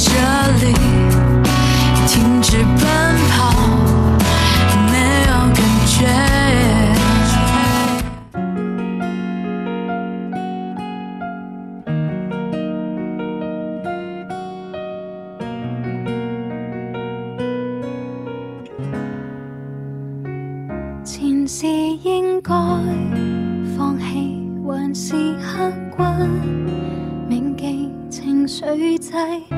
這裏停止奔跑，沒有感覺。前事應該放棄，還是刻骨銘記？情緒在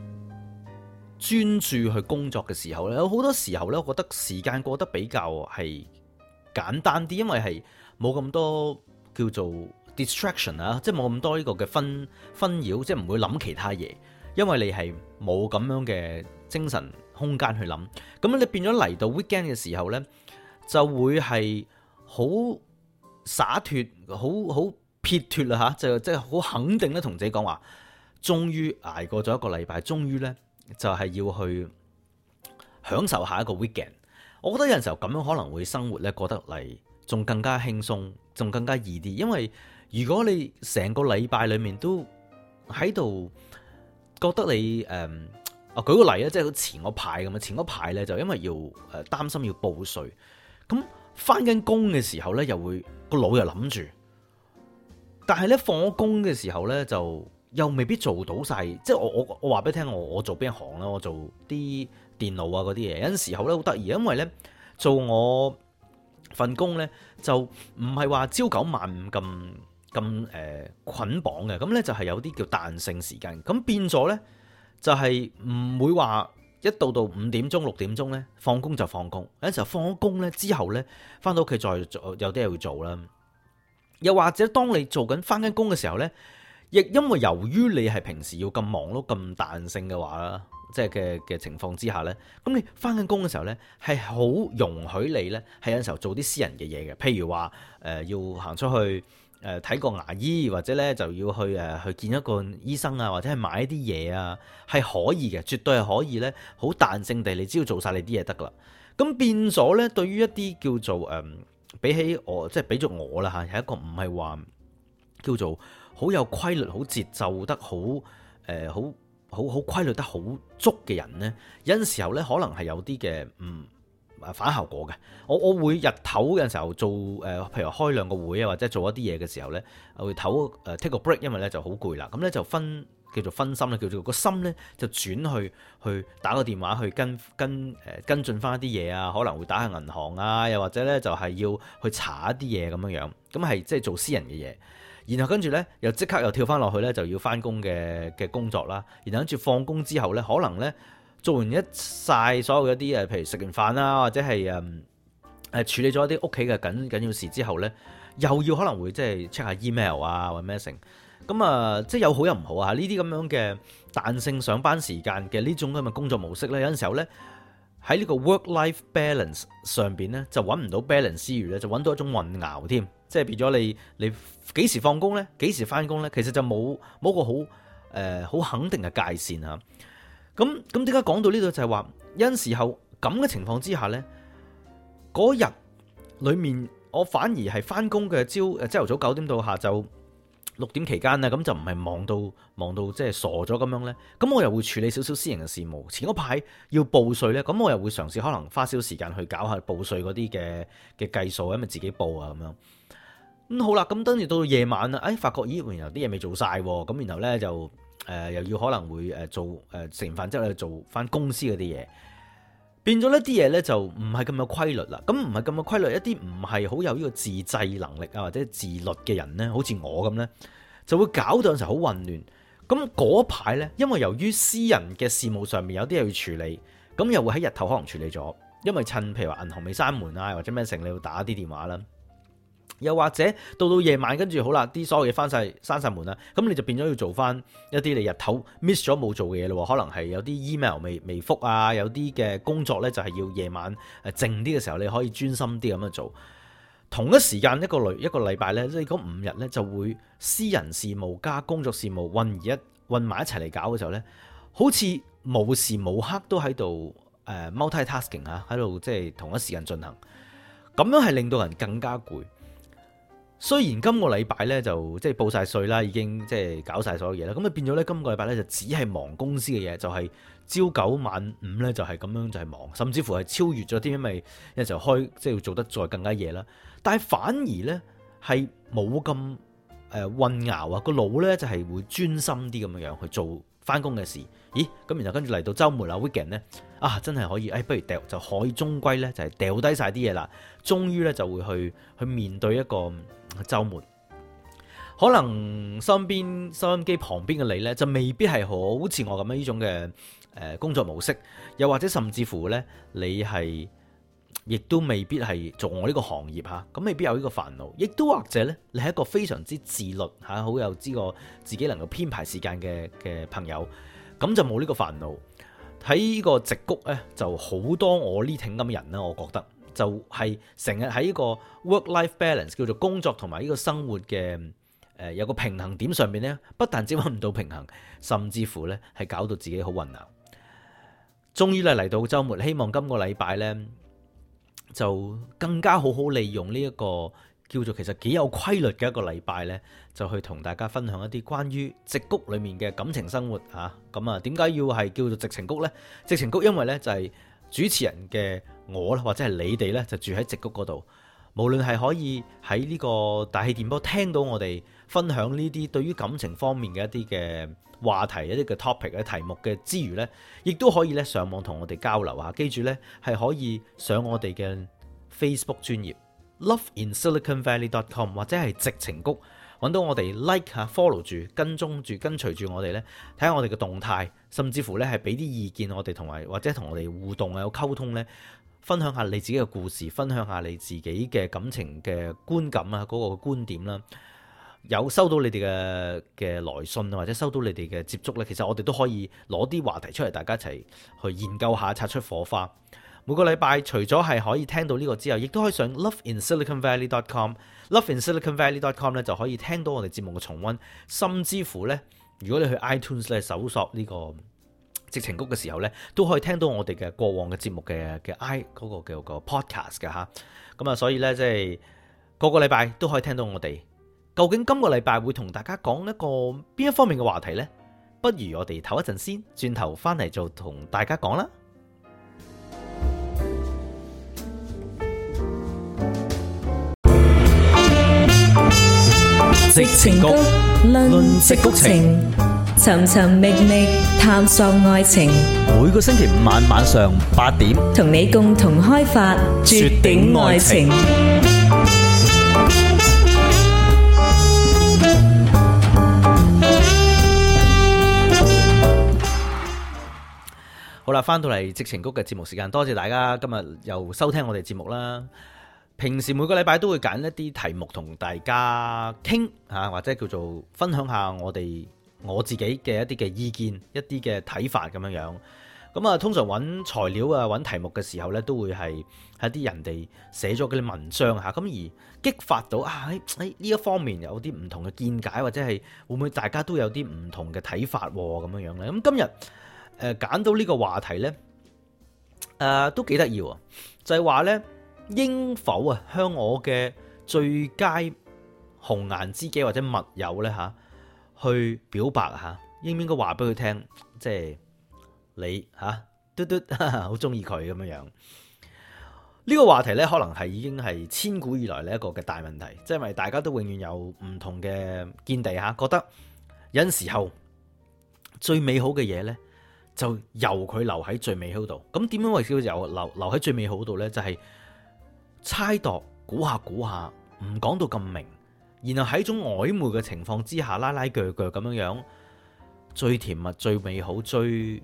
專注去工作嘅時候咧，有好多時候咧，我覺得時間過得比較係簡單啲，因為係冇咁多叫做 distraction 啦，即係冇咁多呢個嘅紛紛擾，即係唔會諗其他嘢，因為你係冇咁樣嘅精神空間去諗。咁你變咗嚟到 weekend 嘅時候呢，就會係好灑脱，好好撇脱啦嚇，就即係好肯定咧，同自己講話，終於捱過咗一個禮拜，終於呢。」就係要去享受下一個 weekend，我覺得有陣時候咁樣可能會生活咧過得嚟仲更加輕鬆，仲更加易啲。因為如果你成個禮拜裏面都喺度覺得你誒，啊，舉個例啊，即係前嗰排咁啊，前嗰排咧就因為要誒擔心要報稅，咁翻緊工嘅時候咧又會個腦又諗住，但係咧放咗工嘅時候咧就。又未必做到晒。即係我我我話俾你聽，我我做邊一行啦？我做啲電腦啊嗰啲嘢，有陣時候咧好得意，因為咧做我份工咧就唔係話朝九晚五咁咁誒捆綁嘅，咁咧就係有啲叫彈性時間。咁變咗咧就係、是、唔會話一到到五點鐘六點鐘咧放工就放工，有陣時候放咗工咧之後咧翻到屋企再做，有啲嘢會做啦。又或者當你做緊翻緊工嘅時候咧。亦因為由於你係平時要咁忙碌、咁彈性嘅話啦，即係嘅嘅情況之下呢，咁你翻緊工嘅時候呢，係好容許你呢，係有陣時候做啲私人嘅嘢嘅，譬如話誒、呃、要行出去誒睇、呃、個牙醫，或者呢，就要去誒、呃、去見一個醫生啊，或者係買一啲嘢啊，係可以嘅，絕對係可以呢，好彈性地你只要做晒你啲嘢得噶啦。咁變咗呢，對於一啲叫做誒、呃、比起我即係畀咗我啦嚇係一個唔係話叫做。好有規律、好節奏得好，誒好好好規律得好足嘅人呢。有陣時候呢，可能係有啲嘅唔反效果嘅。我我會日頭嘅時候做誒，譬如開兩個會啊，或者做一啲嘢嘅時候呢，我會唞誒 take 個 break，因為呢就好攰啦。咁呢，就分叫做分心咧，叫做個心呢，就轉去去打個電話去跟跟誒跟進翻一啲嘢啊，可能會打下銀行啊，又或者呢，就係要去查一啲嘢咁樣樣，咁係即係做私人嘅嘢。然後跟住呢，又即刻又跳翻落去呢，就要翻工嘅嘅工作啦。然後跟住放工之後呢，可能呢做完一晒所有一啲誒，譬如食完飯啦，或者係誒誒處理咗一啲屋企嘅緊緊要事之後呢，又要可能會即係 check 下 email 啊，或者咩。咁啊，即係有好有唔好啊！呢啲咁樣嘅彈性上班時間嘅呢種咁嘅工作模式呢，有陣時候呢。喺呢個 work-life balance 上面咧，就揾唔到 balance，之餘咧就揾到一種混淆添，即係變咗你你幾時放工咧，幾時翻工咧，其實就冇冇個好誒好肯定嘅界線嚇、啊。咁咁點解講到呢度就係、是、話，有時候咁嘅情況之下咧，嗰日裏面我反而係翻工嘅朝朝頭早九點到下晝。六點期間咧，咁就唔係忙到忙到即係傻咗咁樣呢。咁我又會處理少少私人嘅事務。前嗰排要報稅呢。咁我又會嘗試可能花少時間去搞下報稅嗰啲嘅嘅計數，因為自己報啊咁樣。咁、嗯、好啦，咁跟住到夜晚啦，哎，發覺咦，然後啲嘢未做曬，咁然後呢，就誒、呃、又要可能會誒做誒食完、呃、飯之後去做翻公司嗰啲嘢。變咗呢啲嘢呢，就唔係咁有規律啦，咁唔係咁有規律，一啲唔係好有呢個自制能力啊或者自律嘅人呢，好似我咁呢，就會搞到有陣時好混亂。咁嗰排呢，因為由於私人嘅事務上面有啲嘢要處理，咁又會喺日頭可能處理咗，因為趁譬如話銀行未閂門啊，或者咩成你要打啲電話啦。又或者到到夜晚，跟住好啦，啲所有嘢翻晒，閂晒門啦，咁你就變咗要做翻一啲你日頭 miss 咗冇做嘅嘢咯。可能係有啲 email 未未覆啊，有啲嘅工作呢就係要夜晚誒靜啲嘅時候，你可以專心啲咁去做。同一時間一個禮一個禮拜呢，即係五日呢就會私人事務加工作事務混而一混埋一齊嚟搞嘅時候呢，好似無時無刻都喺度 multi-tasking 嚇，喺度即係同一時間進行，咁樣係令到人更加攰。雖然今個禮拜咧就即係報晒稅啦，已經即係搞晒所有嘢啦，咁啊變咗咧，今個禮拜咧就只係忙公司嘅嘢，就係朝九晚五咧，就係咁樣就係忙，甚至乎係超越咗啲，因為一就開即係要做得再更加夜啦。但係反而咧係冇咁誒混淆啊，個腦咧就係會專心啲咁樣去做翻工嘅事。咦？咁然後跟住嚟到周末啊，weekend 咧啊，真係可以，誒，不如掉就可以中歸咧，就係掉低晒啲嘢啦。終於咧就會去去面對一個。周末可能身邊收音機旁邊嘅你呢，就未必係好似我咁樣呢種嘅誒工作模式，又或者甚至乎呢，你係亦都未必係做我呢個行業吓，咁未必有呢個煩惱，亦都或者呢，你係一個非常之自律吓，好有呢個自己能夠編排時間嘅嘅朋友，咁就冇呢個煩惱。喺呢個矽谷咧，就好多我呢啲 a 咁嘅人呢，我覺得。就係成日喺呢個 work life balance 叫做工作同埋呢個生活嘅誒有個平衡點上面呢，不但只揾唔到平衡，甚至乎呢係搞到自己好混淆。終於咧，嚟到週末，希望今個禮拜呢，就更加好好利用呢、這、一個叫做其實幾有規律嘅一個禮拜呢，就去同大家分享一啲關於矽谷裡面嘅感情生活嚇。咁啊，點解要係叫做矽情谷呢？矽情谷因為呢就係、是。主持人嘅我咧，或者係你哋呢就住喺矽谷嗰度。無論係可以喺呢個大氣電波聽到我哋分享呢啲對於感情方面嘅一啲嘅話題，一啲嘅 topic 嘅題目嘅之餘呢，亦都可以咧上網同我哋交流下。記住呢係可以上我哋嘅 Facebook 專頁 LoveInSiliconValley.com 或者係矽情谷。揾到我哋 like 下 follow 住跟蹤住跟隨住我哋呢，睇下我哋嘅動態，甚至乎呢係俾啲意見我哋，同埋或者同我哋互動啊，有溝通呢，分享下你自己嘅故事，分享下你自己嘅感情嘅觀感啊，嗰、那個觀點啦，有收到你哋嘅嘅來信或者收到你哋嘅接觸呢，其實我哋都可以攞啲話題出嚟，大家一齊去研究下，擦出火花。每個禮拜除咗係可以聽到呢個之後，亦都可以上 loveinsiliconvalley.com，loveinsiliconvalley.com 咧就可以聽到我哋節目嘅重溫，甚至乎呢，如果你去 iTunes 咧搜索呢個矽情谷嘅時候呢，都可以聽到我哋嘅過往嘅節目嘅嘅 i 嗰個叫個 podcast 噶吓，咁啊，所以呢，即係個個禮拜都可以聽到我哋。究竟今個禮拜會同大家講一個邊一方面嘅話題呢？不如我哋唞一陣先，轉頭翻嚟就同大家講啦。矽情谷，論矽情，尋尋覓覓探索愛情。每個星期五晚晚上八點，同你共同開發絕頂愛情。好啦，翻到嚟矽情谷嘅節目時間，多謝大家今日又收聽我哋節目啦。平時每個禮拜都會揀一啲題目同大家傾吓，或者叫做分享下我哋我自己嘅一啲嘅意見、一啲嘅睇法咁樣樣。咁啊，通常揾材料啊、揾題目嘅時候呢，都會係喺啲人哋寫咗嗰啲文章吓，咁而激發到啊喺呢、哎哎、一方面有啲唔同嘅見解，或者係會唔會大家都有啲唔同嘅睇法咁樣樣呢，咁今日誒揀到呢個話題、呃都有就是、說呢，誒都幾得意啊，就係話呢。應否啊向我嘅最佳紅顏知己或者密友咧吓去表白吓，應唔應該話俾佢聽？即係你吓、啊、嘟嘟好中意佢咁樣樣呢、呢個話題咧，可能係已經係千古以來呢一個嘅大問題，即係咪大家都永遠有唔同嘅見地吓，覺得有時候最美好嘅嘢咧就由佢留喺最美好度。咁點樣維持到由留留喺最美好度咧？就係、是。猜度估下估下，唔講到咁明，然後喺一種曖昧嘅情況之下拉拉鋸鋸咁樣樣，最甜蜜、最美好、最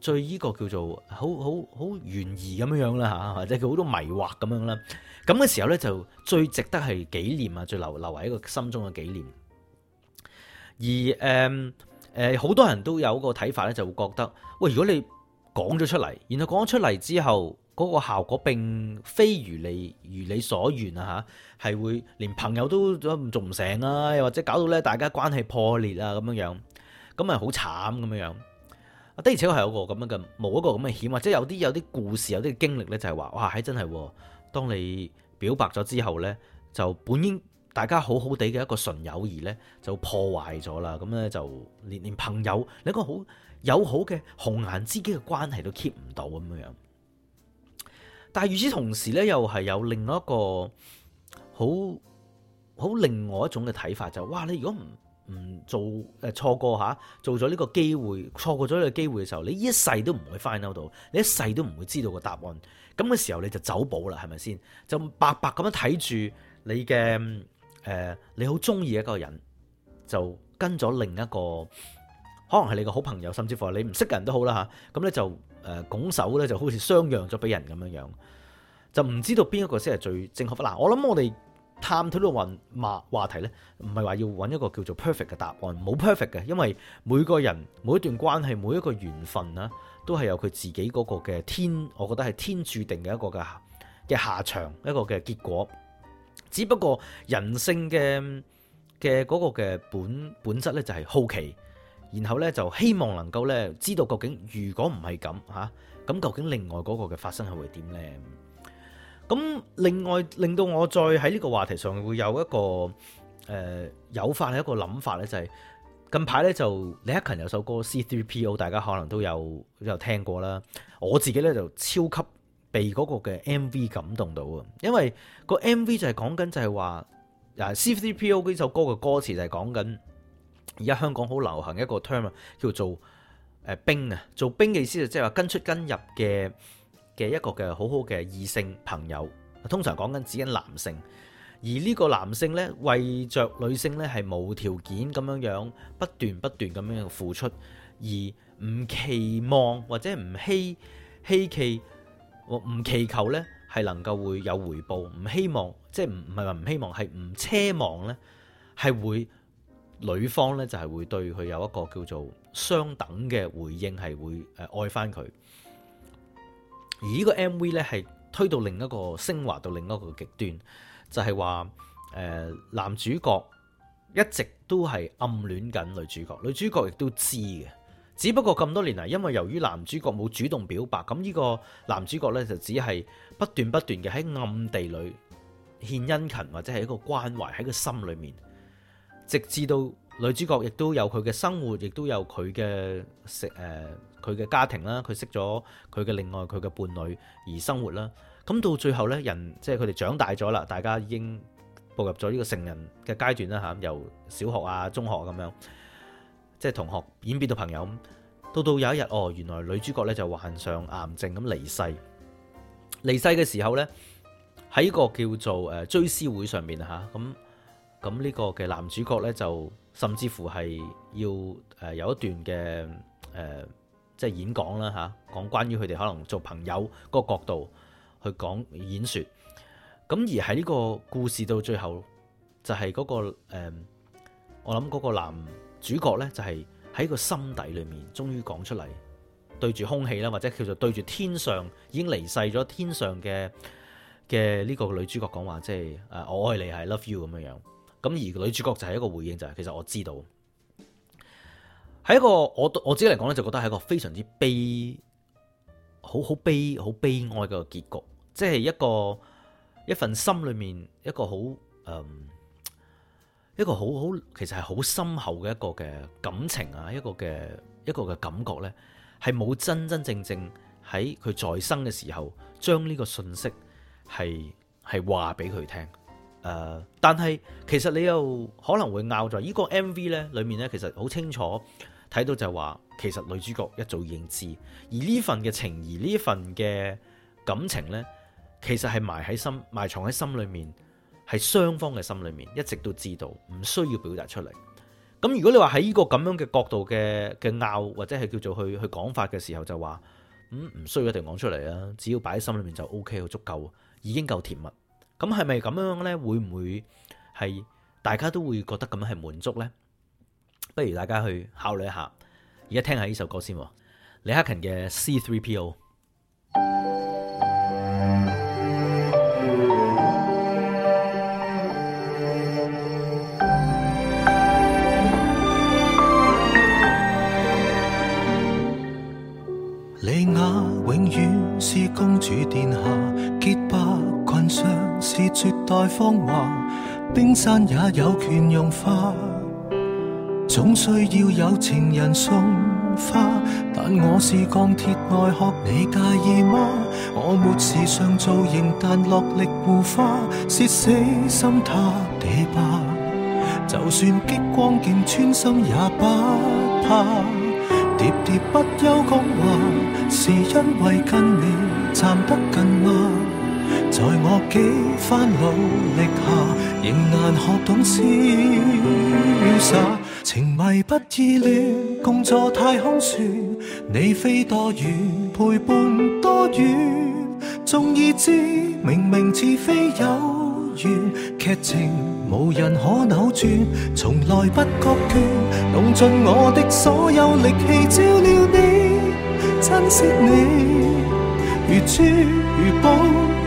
最依個叫做好好好懸疑咁樣樣啦吓，或者叫好多迷惑咁樣啦。咁嘅時候呢，就最值得係紀念啊，最留留為一個心中嘅紀念。而誒誒，好、呃呃、好多人都有個睇法呢，就會覺得喂，如果你講咗出嚟，然後講咗出嚟之後。嗰個效果並非如你如你所願啊嚇係會連朋友都做唔成啊，又或者搞到咧大家關係破裂啊咁樣樣，咁啊好慘咁樣樣啊的而且確係有個咁樣嘅冇一個咁嘅險或者有啲有啲故事有啲經歷咧就係話哇係真係，當你表白咗之後咧，就本應大家好好地嘅一個純友誼咧就破壞咗啦，咁咧就連,連朋友你一個好友好嘅紅顏知己嘅關係都 keep 唔到咁樣樣。但係，與此同時咧，又係有另一個好好另外一種嘅睇法，就是，就係哇！你如果唔唔做誒、呃、錯過嚇，做咗呢個機會，錯過咗呢個機會嘅時候，你一世都唔會翻喺嗰度，你一世都唔會知道個答案。咁嘅時候你就走寶啦，係咪先？就白白咁樣睇住你嘅誒、呃，你好中意嘅一個人，就跟咗另一個可能係你嘅好朋友，甚至乎係你唔識嘅人都好啦嚇。咁、啊、咧就。拱手咧，就好似相讓咗俾人咁樣樣，就唔知道邊一個先係最正確。嗱，我諗我哋探討呢個話話題呢，唔係話要揾一個叫做 perfect 嘅答案，冇 perfect 嘅。因為每個人、每一段關係、每一個緣分啦，都係有佢自己嗰個嘅天，我覺得係天注定嘅一個嘅下場，一個嘅結果。只不過人性嘅嘅嗰個嘅本本質呢，就係好奇。然後咧就希望能夠咧知道究竟如果唔係咁嚇，咁究竟另外嗰個嘅發生係會點咧？咁另外令到我再喺呢個話題上會有一個誒、呃、有法係一個諗法咧、就係，就係近排咧就李克勤有首歌 C3PO，大家可能都有有聽過啦。我自己咧就超級被嗰個嘅 MV 感動到啊，因為個 MV 就係講緊就係話啊 C3PO 呢首歌嘅歌詞就係講緊。而家香港好流行一個 term 啊，叫做誒兵啊，做兵嘅意思就即係話跟出跟入嘅嘅一個嘅好好嘅異性朋友，通常講緊指緊男性，而呢個男性呢為著女性呢係無條件咁樣樣不斷不斷咁樣付出，而唔期望或者唔希希冀唔祈求呢係能夠會有回報，唔希望即係唔唔係話唔希望係唔奢望呢係會。女方咧就係會對佢有一個叫做相等嘅回應，係會誒愛翻佢。而個 MV 呢個 MV 咧係推到另一個升華到另一個極端，就係話誒男主角一直都係暗戀緊女主角，女主角亦都知嘅。只不過咁多年嚟，因為由於男主角冇主動表白，咁呢個男主角咧就只係不斷不斷嘅喺暗地裏獻殷勤或者係一個關懷喺個心裏面。直至到女主角亦都有佢嘅生活，亦都有佢嘅誒，佢嘅家庭啦，佢識咗佢嘅另外佢嘅伴侶而生活啦。咁到最後咧，人即係佢哋長大咗啦，大家已經步入咗呢個成人嘅階段啦嚇，由小學啊、中學咁樣，即係同學演變到朋友。到到有一日哦，原來女主角咧就患上癌症咁離世。離世嘅時候咧，喺個叫做誒追思會上面嚇咁。嗯咁呢個嘅男主角呢，就甚至乎係要誒有一段嘅誒即係演講啦吓，講關於佢哋可能做朋友個角度去講演說。咁而喺呢個故事到最後，就係嗰個誒，我諗嗰個男主角呢，就係喺個心底裏面終於講出嚟，對住空氣啦，或者叫做對住天上已經離世咗天上嘅嘅呢個女主角講話，即係誒我愛你係 love you 咁樣樣。咁而女主角就係一個回應，就係其實我知道，係一個我我自己嚟講咧，就覺得係一個非常之悲，好好悲，好悲哀嘅結局，即係一個一份心裏面一個好，嗯，一個好好其實係好深厚嘅一個嘅感情啊，一個嘅一個嘅感覺咧，係冇真真正正喺佢在生嘅時候，將呢個信息，係係話俾佢聽。誒，但係其實你又可能會拗，在呢個 M V 咧，裏面咧，其實好清楚睇到就話，其實女主角一早已經知，而呢份嘅情誼呢份嘅感情咧，其實係埋喺心埋藏喺心裏面，係雙方嘅心裏面一直都知道，唔需要表達出嚟。咁如果你話喺呢個咁樣嘅角度嘅嘅拗或者係叫做去去講法嘅時候就說，就話唔需要一定講出嚟啊，只要擺喺心裏面就 O K，好足夠，已經夠甜蜜。咁係咪咁樣咧？會唔會係大家都會覺得咁樣係滿足咧？不如大家去考慮一下。而家聽下呢首歌先，李克勤嘅《C3PO》。莉亞永遠是公主殿下，潔白裙裳是絕代芳華，冰山也有權融化。總需要有情人送花，但我是鋼鐵外殼。你介意嗎？我沒時尚造型，但落力護花，是死心塌地吧？就算激光劍穿心也不怕，喋喋不休講話，是因為跟你站得近啊。在我幾番努力下，仍難學懂瀟灑。情迷不意亂，共坐太空船，你飛多遠，陪伴多遠。縱已知明明似非有緣，劇情無人可扭轉，從來不覺倦，用盡我的所有力氣照料你，珍惜你，如珠如寶。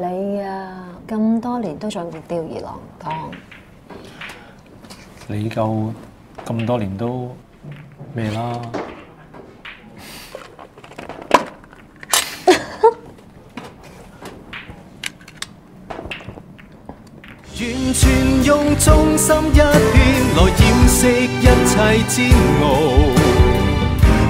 你呀、啊，咁多年都在吊兒郎當。你夠咁多年都咩啦。 完全用忠心一片來掩飾一切煎熬。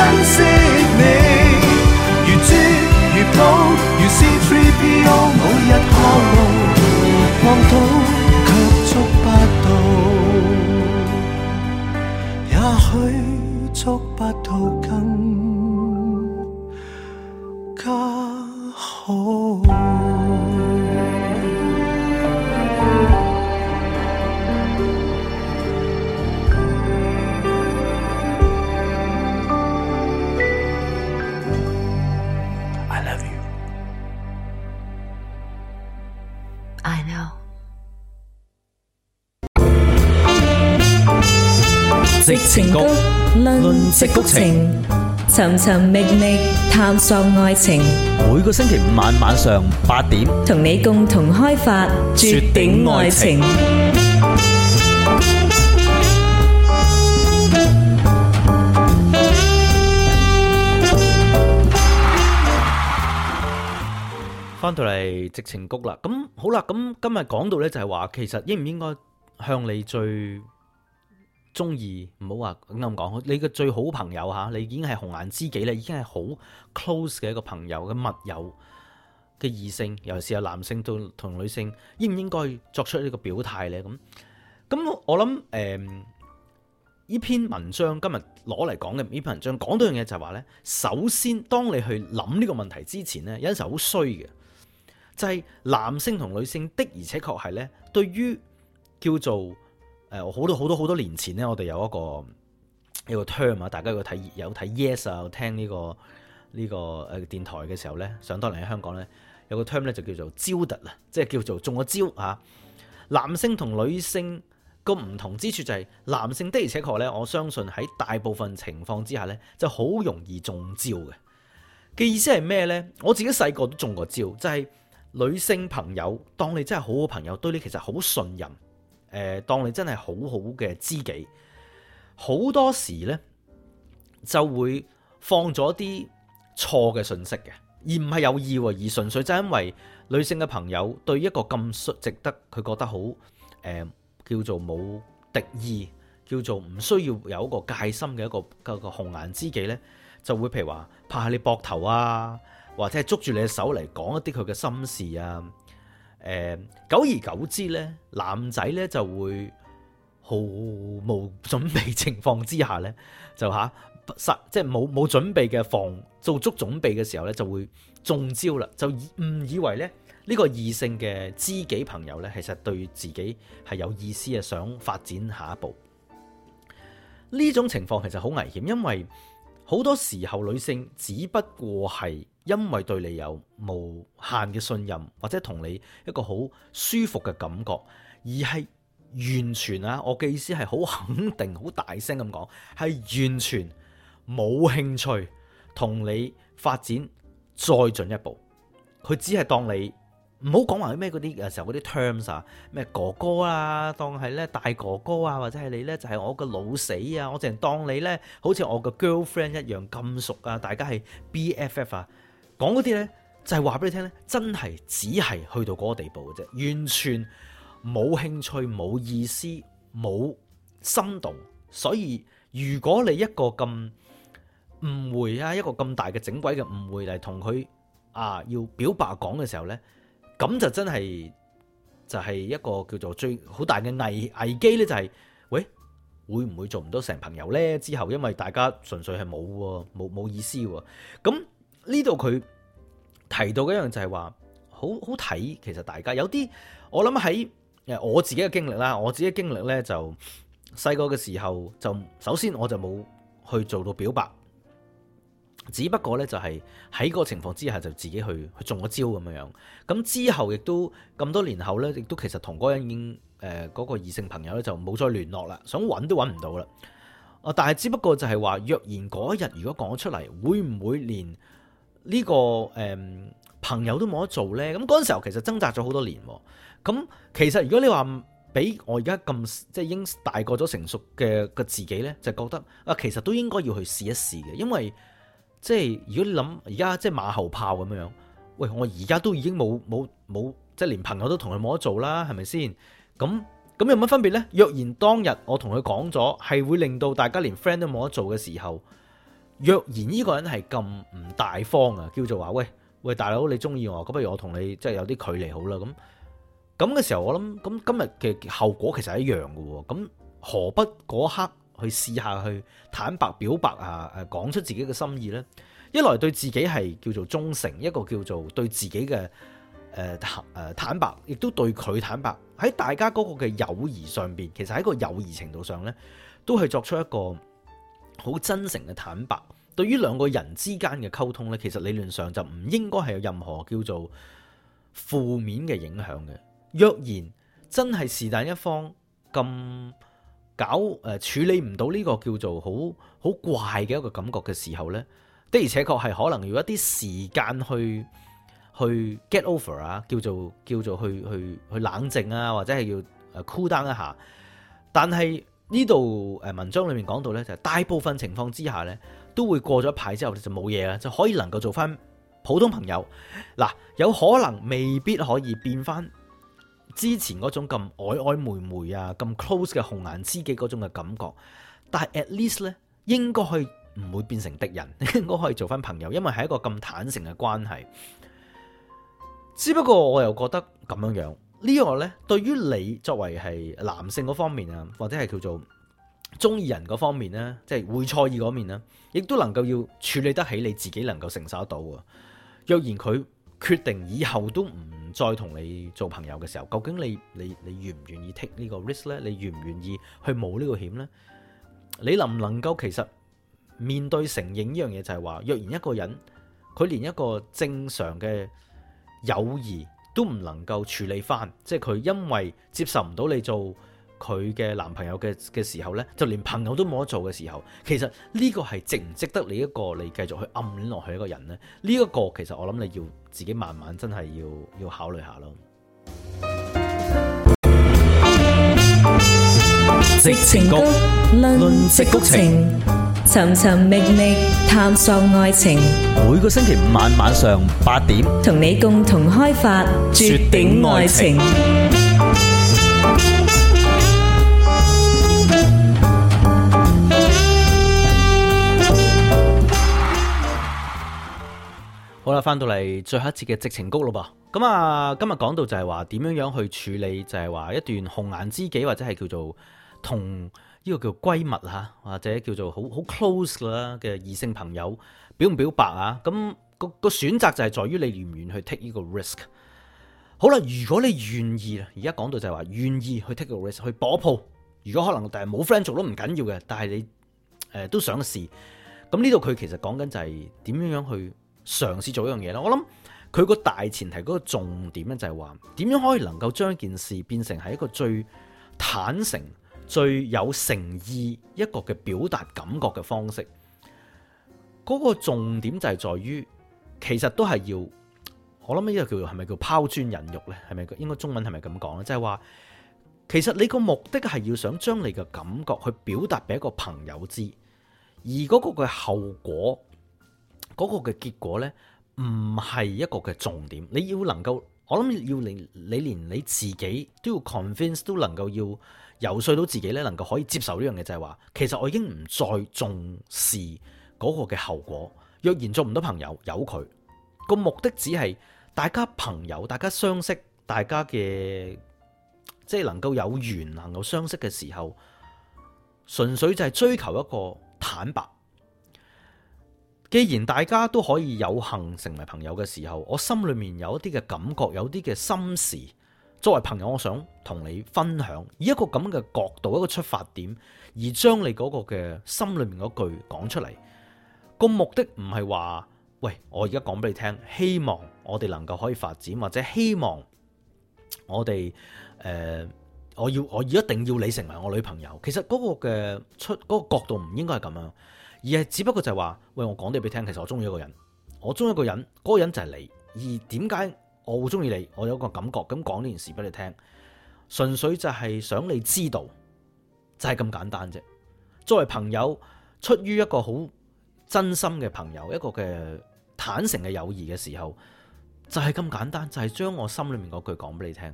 珍惜你，如珠如寶，如 C3PO，每日碰到。矽情谷，尋尋覓覓探索愛情。每個星期五晚晚上八點，同你共同開發絕頂愛情。翻到嚟矽情谷啦，咁好啦，咁今日講到呢就係話，其實應唔應該向你追？中意，唔好話咁咁，講，你嘅最好朋友吓，你已經係紅顏知己啦，已經係好 close 嘅一個朋友嘅密友嘅異性，尤其是有男性同同女性，應唔應該作出呢個表態呢？咁咁我諗誒，呢篇文章今日攞嚟講嘅呢篇文章講到樣嘢就係話呢：首先當你去諗呢個問題之前呢，有陣時好衰嘅，就係男性同女性的，而且確係呢對於叫做。誒好多好多好多年前呢，我哋有一個一個 term 啊，大家有睇有睇 yes 啊，聽呢個呢個誒電台嘅時候呢，想當年喺香港呢，有個 term 呢，就叫做招突啊，即係叫做中個招啊。男性同女性個唔同之處就係男性的而且確呢，我相信喺大部分情況之下呢，就好容易中招嘅。嘅意思係咩呢？我自己細個都中過招，就係女性朋友當你真係好好朋友，對你其實好信任。誒，當你真係好好嘅知己，好多時呢就會放咗啲錯嘅信息嘅，而唔係有意，而純粹就係因為女性嘅朋友對一個咁值得佢覺得好誒、呃、叫做冇敵意，叫做唔需要有一個戒心嘅一個一個紅顏知己呢，就會譬如話拍下你膊頭啊，或者係捉住你嘅手嚟講一啲佢嘅心事啊。誒，久而久之咧，男仔咧就會毫無準備情況之下咧，就吓實、啊，即係冇冇準備嘅防，做足準備嘅時候咧就會中招啦，就誤以為咧呢個異性嘅知己朋友咧，其實對自己係有意思嘅，想發展下一步。呢種情況其實好危險，因為好多時候女性只不過係。因為對你有無限嘅信任，或者同你一個好舒服嘅感覺，而係完全啊，我嘅意思係好肯定、好大聲咁講，係完全冇興趣同你發展再進一步。佢只係當你唔好講話咩嗰啲誒時候嗰啲 terms 啊，咩哥哥啊，當係咧大哥哥啊，或者係你咧就係我個老死啊，我淨係當你咧好似我個 girlfriend 一樣咁熟啊，大家係 BFF 啊。講嗰啲咧，就係話俾你聽咧，真係只係去到嗰個地步嘅啫，完全冇興趣、冇意思、冇心動。所以如果你一個咁誤會啊，一個咁大嘅整鬼嘅誤會嚟同佢啊要表白講嘅時候咧，咁就真係就係一個叫做最好大嘅危危機咧，就係，就係喂會唔會做唔到成朋友咧？之後因為大家純粹係冇冇冇意思喎，咁。呢度佢提到嘅一樣就係話好好睇。其實大家有啲我諗喺誒我自己嘅經歷啦。我自己嘅經歷咧，就細個嘅時候就首先我就冇去做到表白，只不過呢，就係喺個情況之下就自己去去中咗招咁樣樣。咁之後亦都咁多年後呢，亦都其實同嗰個人已經誒嗰個異性朋友呢，就冇再聯絡啦，想揾都揾唔到啦。但係只不過就係話，若然嗰一日如果講出嚟，會唔會連？呢、這個誒、嗯、朋友都冇得做呢。咁嗰陣時候其實掙扎咗好多年。咁其實如果你話俾我而家咁即係已經大個咗成熟嘅個自己呢，就覺得啊其實都應該要去試一試嘅，因為即係如果你諗而家即係馬後炮咁樣，喂，我而家都已經冇冇冇即係連朋友都同佢冇得做啦，係咪先？咁咁有乜分別呢？若然當日我同佢講咗，係會令到大家連 friend 都冇得做嘅時候。若然呢個人係咁唔大方啊，叫做話喂喂大佬你中意我，咁不如我同你即係有啲距離好啦。咁咁嘅時候，我諗咁今日嘅後果其實一樣嘅喎。咁何不嗰刻去試下去坦白表白啊？誒講出自己嘅心意呢？一來對自己係叫做忠誠，一個叫做對自己嘅誒坦坦白，亦都對佢坦白。喺大家嗰個嘅友誼上邊，其實喺個友誼程度上呢，都係作出一個好真誠嘅坦白，對於兩個人之間嘅溝通呢，其實理論上就唔應該係有任何叫做負面嘅影響嘅。若然真係是但一方咁搞誒、呃、處理唔到呢個叫做好好怪嘅一個感覺嘅時候呢，的而且確係可能要一啲時間去去 get over 啊，叫做叫做去去去冷靜啊，或者係要 cool down 一下。但係。呢度誒文章裏面講到呢，就大部分情況之下呢，都會過咗一排之後，就冇嘢啦，就可以能夠做翻普通朋友。嗱，有可能未必可以變翻之前嗰種咁曖曖昧昧啊，咁 close 嘅紅顏知己嗰種嘅感覺，但係 at least 咧，應該唔會變成敵人，應該可以做翻朋友，因為係一個咁坦誠嘅關係。只不過我又覺得咁樣樣。呢、這個呢，對於你作為係男性嗰方面啊，或者係叫做中意人嗰方面呢，即係會錯意嗰面咧，亦都能夠要處理得起，你自己能夠承受得到啊。若然佢決定以後都唔再同你做朋友嘅時候，究竟你你你，你願唔願意 take 呢個 risk 咧？你願唔願意去冒呢個險呢？你能唔能夠其實面對承認呢樣嘢就係話，若然一個人佢連一個正常嘅友誼，都唔能夠處理翻，即係佢因為接受唔到你做佢嘅男朋友嘅嘅時候呢，就連朋友都冇得做嘅時候，其實呢個係值唔值得你一個你繼續去暗戀落去一個人呢？呢、這、一個其實我諗你要自己慢慢真係要要考慮下咯。矽情谷論矽情。尋尋覓覓，探索愛情。每個星期五晚晚上八點，同你共同開發絕頂愛，愛情。好啦，翻到嚟最後一節嘅矽情谷咯噃。咁啊，今日講到就係話點樣樣去處理，就係話一段紅顏知己或者係叫做同。呢、這個叫閨蜜吓，或者叫做好好 close 啦嘅異性朋友表唔表白啊？咁個、那個選擇就係在於你願唔願去 take 呢個 risk。好啦，如果你願意，而家講到就係話願意去 take 個 risk 去搏鋪。如果可能，但係冇 friend 做都唔緊要嘅。但係你誒、呃、都想試。咁呢度佢其實講緊就係點樣樣去嘗試做一樣嘢啦。我諗佢個大前提嗰個重點咧就係話，點樣可以能夠將一件事變成係一個最坦誠。最有誠意一個嘅表達感覺嘅方式，嗰個重點就係在於，其實都係要我諗呢個叫係咪叫拋磚引玉呢？係咪應該中文係咪咁講呢？就係話，其實你個目的係要想將你嘅感覺去表達俾一個朋友知，而嗰個嘅後果，嗰個嘅結果呢，唔係一個嘅重點。你要能夠，我諗要你，你連你自己都要 convince，都能夠要。遊說到自己咧，能夠可以接受呢樣嘢就係話，其實我已經唔再重視嗰個嘅後果。若然做唔到朋友，由佢。個目的只係大家朋友，大家相識，大家嘅即係能夠有緣能夠相識嘅時候，純粹就係追求一個坦白。既然大家都可以有幸成為朋友嘅時候，我心裏面有一啲嘅感覺，有啲嘅心事。作為朋友，我想同你分享，以一個咁嘅角度、一個出發點，而將你嗰個嘅心裏面嗰句講出嚟。個目的唔係話，喂，我而家講俾你聽，希望我哋能夠可以發展，或者希望我哋，誒、呃，我要，我要一定要你成為我女朋友。其實嗰個嘅出嗰角度唔應該係咁樣，而係只不過就係話，喂，我講啲俾你聽，其實我中意一個人，我中意一個人，嗰個人就係你。而點解？我好中意你，我有一個感覺，咁講呢件事俾你聽，純粹就係想你知道，就係、是、咁簡單啫。作為朋友，出於一個好真心嘅朋友，一個嘅坦誠嘅友誼嘅時候，就係、是、咁簡單，就係、是、將我心裏面嗰句講俾你聽。誒、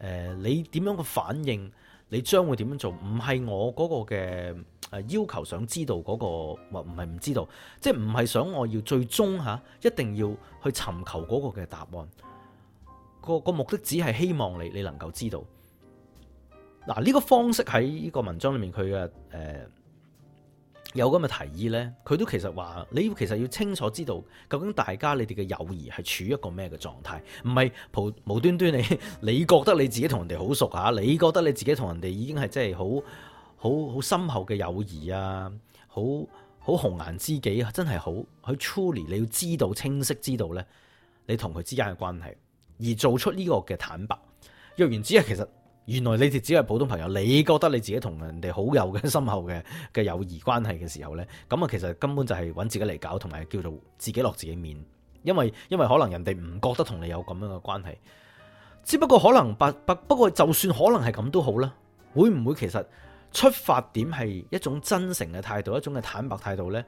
呃，你點樣嘅反應，你將會點樣做？唔係我嗰個嘅誒要求，想知道嗰、那個或唔係唔知道，即係唔係想我要最終吓，一定要去尋求嗰個嘅答案。個個目的只係希望你你能夠知道，嗱，呢個方式喺呢個文章裏面佢嘅，誒，有咁嘅提議呢。佢都其實話你其實要清楚知道，究竟大家你哋嘅友誼係處於一個咩嘅狀態？唔係無端端你你覺得你自己同人哋好熟啊，你覺得你自己同人哋已經係真係好好好深厚嘅友誼啊，好好紅顏知己啊，真係好好 truly。你要知道清晰知道呢，你同佢之間嘅關係。而做出呢個嘅坦白，若然之啊，其實原來你哋只係普通朋友，你覺得你自己同人哋好友嘅深厚嘅嘅友誼關係嘅時候呢，咁啊，其實根本就係揾自己嚟搞，同埋叫做自己落自己面，因為因為可能人哋唔覺得同你有咁樣嘅關係，只不過可能不不不過就算可能係咁都好啦，會唔會其實出發點係一種真誠嘅態度，一種嘅坦白態度呢，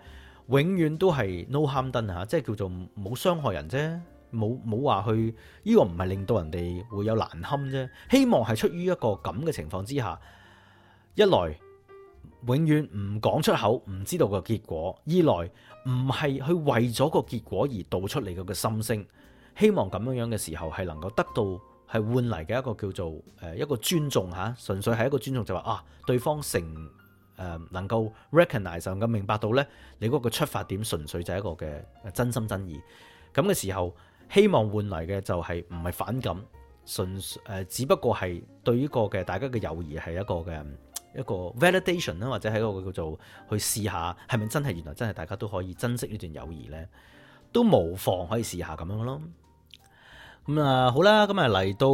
永遠都係 no harm done 即係叫做冇傷害人啫。冇冇話去呢個唔係令到人哋會有難堪啫，希望係出於一個咁嘅情況之下，一來永遠唔講出口，唔知道個結果；二來唔係去為咗個結果而道出你嘅個心聲。希望咁樣樣嘅時候係能夠得到係換嚟嘅一個叫做誒一個尊重吓，純粹係一個尊重就話、是、啊，對方成誒、呃、能夠 recognize 咁明白到呢，你嗰個出發點純粹就係一個嘅真心真意咁嘅時候。希望換嚟嘅就係唔係反感，純誒、呃，只不過係對呢個嘅大家嘅友誼係一個嘅一個 validation 啦，或者係一個叫做去試下是不是，係咪真係原來真係大家都可以珍惜呢段友誼呢？都無妨可以試下咁樣咯。咁、嗯、啊，好啦，咁啊嚟到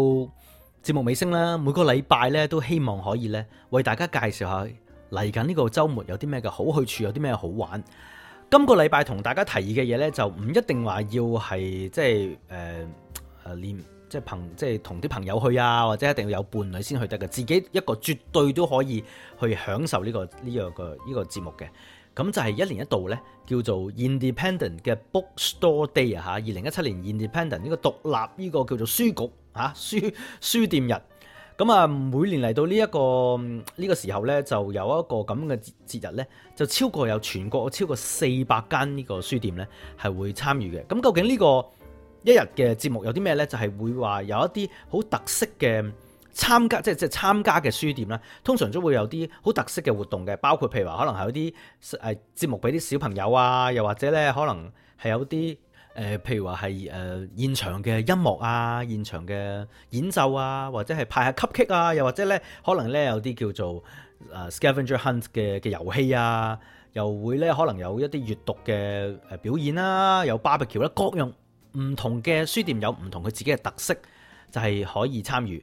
節目尾聲啦，每個禮拜呢，都希望可以呢為大家介紹下嚟緊呢個週末有啲咩嘅好去處，有啲咩好玩。今個禮拜同大家提議嘅嘢呢，就唔一定話要係即係誒誒，即係朋、呃、即係同啲朋友去啊，或者一定要有伴侶先去得嘅，自己一個絕對都可以去享受呢、這個呢樣、這個呢、這個節目嘅。咁就係一年一度呢，叫做 Independent 嘅 Bookstore Day 啊吓，二零一七年 Independent 呢個獨立呢個叫做書局吓書書店日。咁啊，每年嚟到呢一個呢個時候呢，就有一個咁嘅節節日呢，就超過有全國超過四百間呢個書店呢係會參與嘅。咁究竟呢個一日嘅節目有啲咩呢？就係會話有一啲好特色嘅參加，即係即係參加嘅書店啦。通常都會有啲好特色嘅活動嘅，包括譬如話可能係有啲誒節目俾啲小朋友啊，又或者呢可能係有啲。誒、呃，譬如話係誒現場嘅音樂啊，現場嘅演奏啊，或者係派下曲奇啊，又或者咧，可能咧有啲叫做誒 scavenger hunt 嘅嘅遊戲啊，又會咧可能有一啲閱讀嘅誒表演啦、啊，有 barbecue 啦，各樣唔同嘅書店有唔同佢自己嘅特色，就係、是、可以參與。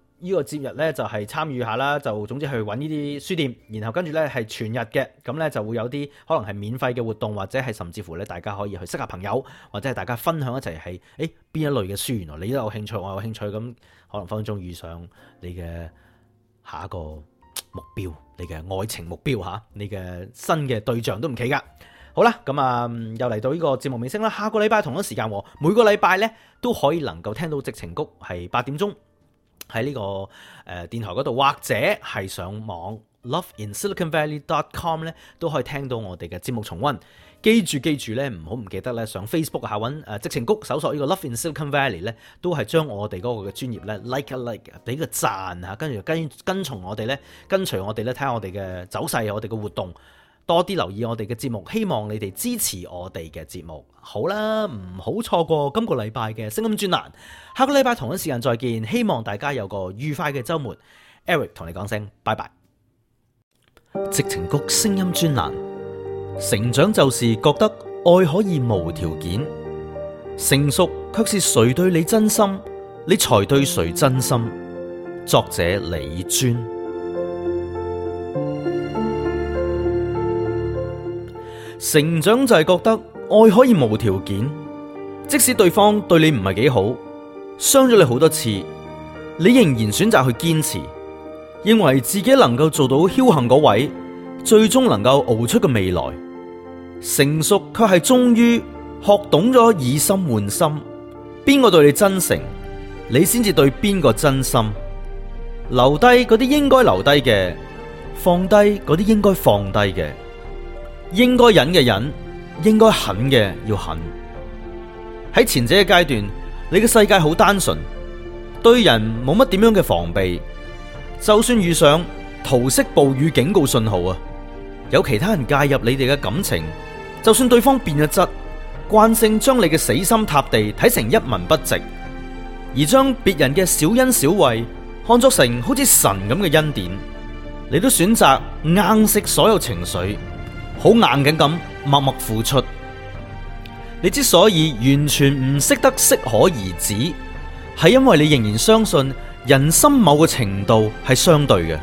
呢個節日呢，就係參與下啦，就總之去揾呢啲書店，然後跟住呢係全日嘅，咁呢，就會有啲可能係免費嘅活動，或者係甚至乎呢，大家可以去識下朋友，或者係大家分享一齊係，誒邊一類嘅書原來你都有興趣，我有興趣，咁可能分分鐘遇上你嘅下一個目標，你嘅愛情目標嚇，你嘅新嘅對象都唔奇噶。好啦，咁啊又嚟到呢個節目尾聲啦，下個禮拜同一時間，每個禮拜呢都可以能夠聽到矽情谷係八點鐘。喺呢個誒電台嗰度，或者係上網 loveinSiliconValley.com 咧，都可以聽到我哋嘅節目重溫。記住記住咧，唔好唔記得咧，上 Facebook 下揾誒矽情谷搜索呢個 loveinSiliconValley 咧，like like，都係將我哋嗰個嘅專業咧 like like 俾個讚嚇，跟住跟跟從我哋咧，跟隨我哋咧，睇下我哋嘅走勢，我哋嘅活動。多啲留意我哋嘅節目，希望你哋支持我哋嘅節目。好啦，唔好錯過今個禮拜嘅聲音專欄，下個禮拜同一時間再見。希望大家有個愉快嘅周末。Eric 同你講聲拜拜。矽情谷聲音專欄，成長就是覺得愛可以無條件，成熟卻是誰對你真心，你才對誰真心。作者李尊。成長就係覺得愛可以無條件，即使對方對你唔係幾好，傷咗你好多次，你仍然選擇去堅持，認為自己能夠做到僥倖嗰位，最終能夠熬出個未來。成熟卻係終於學懂咗以心換心，邊個對你真誠，你先至對邊個真心。留低嗰啲應該留低嘅，放低嗰啲應該放低嘅。應該忍嘅忍，應該狠嘅要狠。喺前者嘅階段，你嘅世界好單純，對人冇乜點樣嘅防備。就算遇上桃色暴雨警告信號啊，有其他人介入你哋嘅感情，就算對方變咗質，慣性將你嘅死心塌地睇成一文不值，而將別人嘅小恩小惠看作成好似神咁嘅恩典，你都選擇硬食所有情緒。好硬頸咁默默付出，你之所以完全唔識得適可而止，係因為你仍然相信人心某個程度係相對嘅。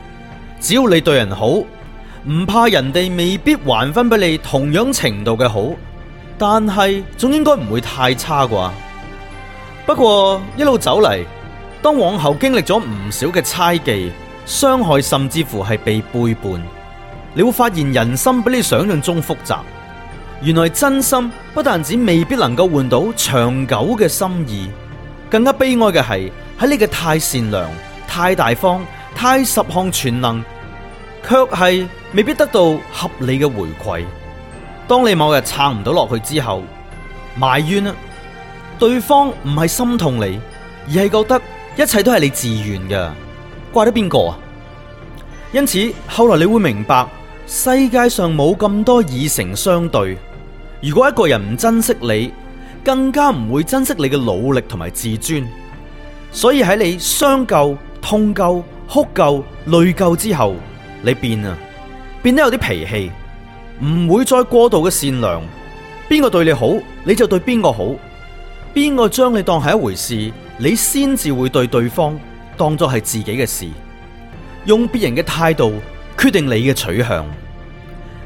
只要你對人好，唔怕人哋未必還翻俾你同樣程度嘅好，但係總應該唔會太差啩。不過一路走嚟，當往後經歷咗唔少嘅猜忌、傷害，甚至乎係被背叛。你會發現人心比你想象中複雜，原來真心不但只未必能夠換到長久嘅心意，更加悲哀嘅係喺你嘅太善良、太大方、太十項全能，卻係未必得到合理嘅回饋。當你某日撐唔到落去之後，埋怨啊，對方唔係心痛你，而係覺得一切都係你自願嘅，怪得邊個啊？因此後來你會明白。世界上冇咁多以誠相對。如果一個人唔珍惜你，更加唔會珍惜你嘅努力同埋自尊。所以喺你傷夠、痛夠、哭夠、累夠之後，你變啊，變得有啲脾氣，唔會再過度嘅善良。邊個對你好，你就對邊個好。邊個將你當係一回事，你先至會對對方當作係自己嘅事，用別人嘅態度決定你嘅取向。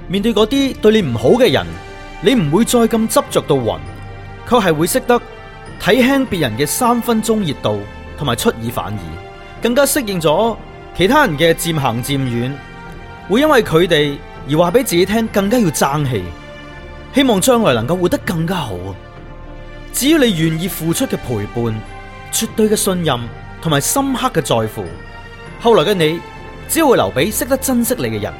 面對，嗰啲對你唔好嘅人，你唔會再咁執着到暈，卻係會識得睇輕別人嘅三分鐘熱度，同埋出爾反爾，更加適應咗其他人嘅漸行漸遠。會因為佢哋而話俾自己聽，更加要爭氣，希望將來能夠活得更加好。只要你願意付出嘅陪伴、絕對嘅信任同埋深刻嘅在乎，後來嘅你。只會留俾識得珍惜你嘅人，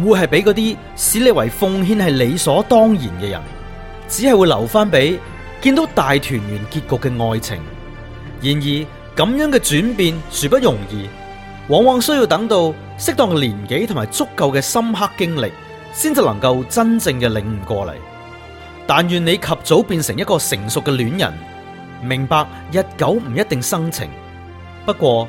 唔會係俾嗰啲使你為奉獻係理所當然嘅人。只係會留翻俾見到大團圓結局嘅愛情。然而咁樣嘅轉變殊不容易，往往需要等到適當年紀同埋足夠嘅深刻經歷，先至能夠真正嘅領悟過嚟。但願你及早變成一個成熟嘅戀人，明白日久唔一定生情。不過。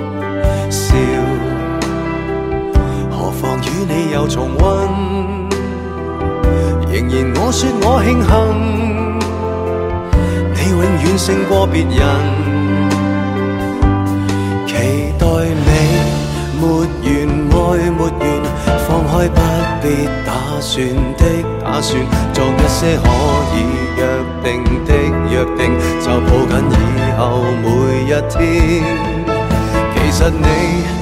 與你又重温，仍然我說我慶幸，你永遠勝過別人。期待你沒完，愛沒完，放開不必打算的打算，做一些可以約定的約定，就抱緊以後每一天。其實你。